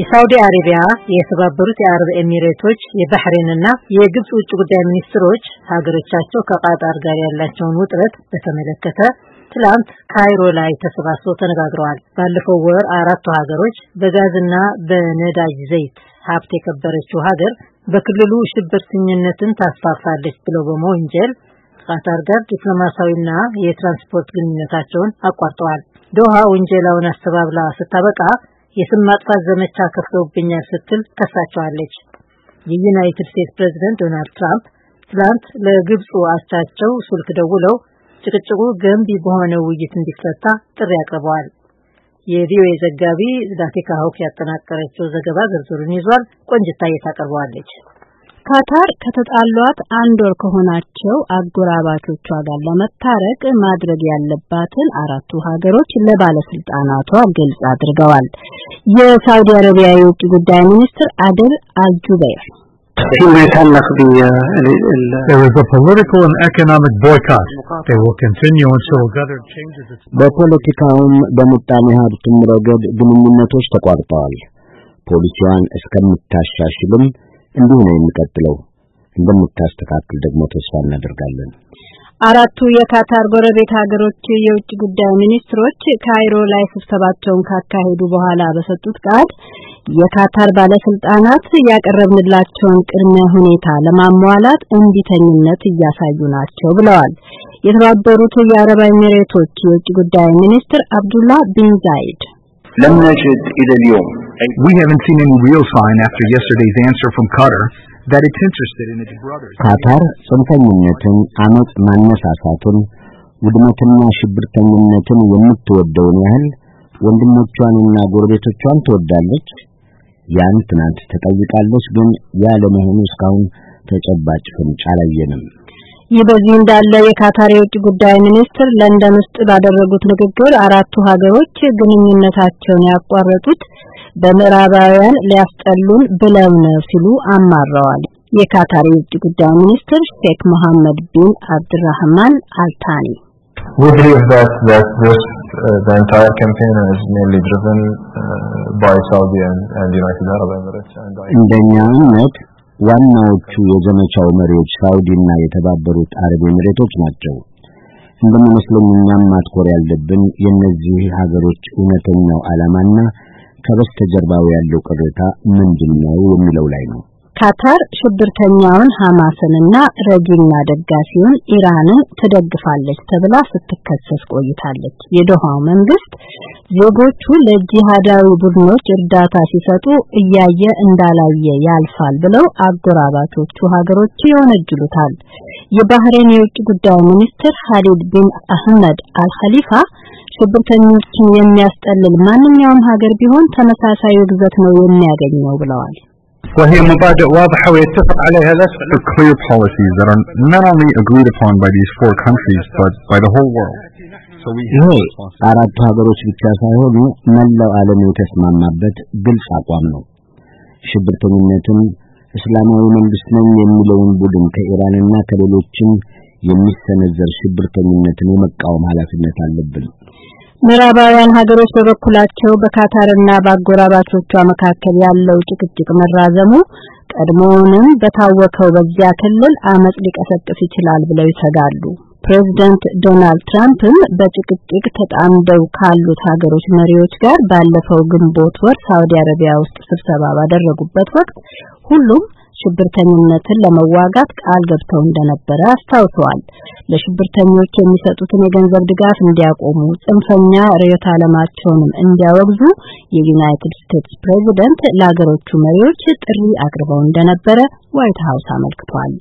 የሳውዲ አረቢያ፣ የተባበሩት የአረብ ኤሚሬቶች፣ የባህሬንና የግብጽ ውጭ ጉዳይ ሚኒስትሮች ሀገሮቻቸው ከቃጣር ጋር ያላቸውን ውጥረት በተመለከተ ትላንት ካይሮ ላይ ተሰባስበው ተነጋግረዋል። ባለፈው ወር አራቱ ሀገሮች በጋዝና በነዳጅ ዘይት ሀብት የከበረችው ሀገር በክልሉ ሽብርተኝነትን ታስፋፋለች ብለው በመወንጀል ከቃታር ጋር ዲፕሎማሲያዊና የትራንስፖርት ግንኙነታቸውን አቋርጠዋል። ዶሃ ውንጀላውን አስተባብላ ስታበቃ የስም ማጥፋት ዘመቻ ከፍተውብኛል ስትል ከሳቸዋለች። የዩናይትድ ስቴትስ ፕሬዝደንት ዶናልድ ትራምፕ ትላንት ለግብፁ አቻቸው ስልክ ደውለው ጭቅጭቁ ገንቢ በሆነ ውይይት እንዲፈታ ጥሪ አቅርበዋል። የቪኦኤ ዘጋቢ ዛቲካ ሆክ ያጠናቀረችው ዘገባ ዝርዝሩን ይዟል። ቆንጅታ ታቀርበዋለች። ካታር ከተጣሏት አንድ ወር ከሆናቸው አጎራባቾቿ ጋር ለመታረቅ ማድረግ ያለባትን አራቱ ሀገሮች ለባለስልጣናቷ ግልጽ አድርገዋል። የሳውዲ አረቢያ የውጭ ጉዳይ ሚኒስትር አደል አልጁበይር በፖለቲካውም በምጣኔ ሀብቱም ረገድ ግንኙነቶች ተቋርጠዋል። ፖሊሲዋን እስከምታሻሽልም እንዲሁ ነው የሚቀጥለው። እንደምታስተካክል ደግሞ ተስፋ እናደርጋለን። አራቱ የካታር ጎረቤት ሀገሮች የውጭ ጉዳይ ሚኒስትሮች ካይሮ ላይ ስብሰባቸውን ካካሄዱ በኋላ በሰጡት ቃል የካታር ባለስልጣናት ያቀረብንላቸውን ቅድመ ሁኔታ ለማሟላት እንቢተኝነት እያሳዩ ናቸው ብለዋል። የተባበሩት የአረብ ኤሚሬቶች የውጭ ጉዳይ ሚኒስትር አብዱላህ ቢን ዛይድ ለምነሽድ ኢደልዮም ካታር ጽንፈኝነትን፣ አመጽ ማነሳሳትን፣ ውድመትና ሽብርተኝነትን የምትወደውን ያህል ወንድሞቿንና ጎረቤቶቿን ትወዳለች። ያን ትናንት ተጠይቃለች፣ ግን ያ ለመሆኑ እስካሁን ተጨባጭ ፍንጭ አላየንም። ይህ በዚህ እንዳለ የካታር የውጭ ጉዳይ ሚኒስትር ለንደን ውስጥ ባደረጉት ንግግር አራቱ ሀገሮች ግንኙነታቸውን ያቋረጡት በምዕራባውያን ሊያስጠሉን ብለው ነው ሲሉ አማረዋል። የካታር የውጭ ጉዳይ ሚኒስትር ሼክ መሐመድ ቢን አብድራህማን አልታኒ uh, uh, እንደኛ እምነት ዋናዎቹ የዘመቻው መሪዎች ሳውዲና የተባበሩት አረብ ኤምሬቶች ናቸው። እንደሚመስለኝ እኛም ማትኮር ያለብን የእነዚህ ሀገሮች እውነተኛው ዓላማና ከበስተጀርባው ያለው ቅሬታ ምንድን ነው የሚለው ላይ ነው። ካታር ሽብርተኛውን ሐማስንና ረጂና ደጋፊውን ኢራንን ትደግፋለች ተብላ ስትከሰስ ቆይታለች። የዶሃው መንግስት ዜጎቹ ለጂሃዳዊ ቡድኖች እርዳታ ሲሰጡ እያየ እንዳላየ ያልፋል ብለው አጎራባቾቹ ሀገሮች ይወነጅሉታል። የባህሬን የውጭ ጉዳይ ሚኒስትር ሀሊድ ቢን አህመድ አልኸሊፋ ሽብርተኞችን የሚያስጠልል ማንኛውም ሀገር ቢሆን ተመሳሳይ ውግዘት ነው የሚያገኘው ብለዋል። وهي مبادئ واضحة ويتفق عليها الأسفل. Clear policies that are not only agreed upon by these four countries but by the whole world. ይሄ አራቱ ሀገሮች ብቻ ሳይሆኑ መላው ዓለም የተስማማበት ግልጽ አቋም ነው። ሽብርተኝነትን እስላማዊ መንግስት ነኝ የሚለውን ቡድን ከኢራንና ከሌሎችም የሚሰነዘር ሽብርተኝነትን የመቃወም ኃላፊነት አለብን። ምዕራባውያን ሀገሮች በበኩላቸው በካታርና በአጎራባቾቿ መካከል ያለው ጭቅጭቅ መራዘሙ ቀድሞውንም በታወከው በዚያ ክልል አመጽ ሊቀሰቅስ ይችላል ብለው ይሰጋሉ። ፕሬዚደንት ዶናልድ ትራምፕም በጭቅጭቅ ተጣምደው ካሉት ሀገሮች መሪዎች ጋር ባለፈው ግንቦት ወር ሳውዲ አረቢያ ውስጥ ስብሰባ ባደረጉበት ወቅት ሁሉም ሽብርተኝነትን ለመዋጋት ቃል ገብተው እንደነበረ አስታውሰዋል። ለሽብርተኞች የሚሰጡትን የገንዘብ ድጋፍ እንዲያቆሙ፣ ጽንፈኛ ርዕዮተ ዓለማቸውንም እንዲያወግዙ የዩናይትድ ስቴትስ ፕሬዚደንት ለሀገሮቹ መሪዎች ጥሪ አቅርበው እንደነበረ ዋይት ሀውስ አመልክቷል።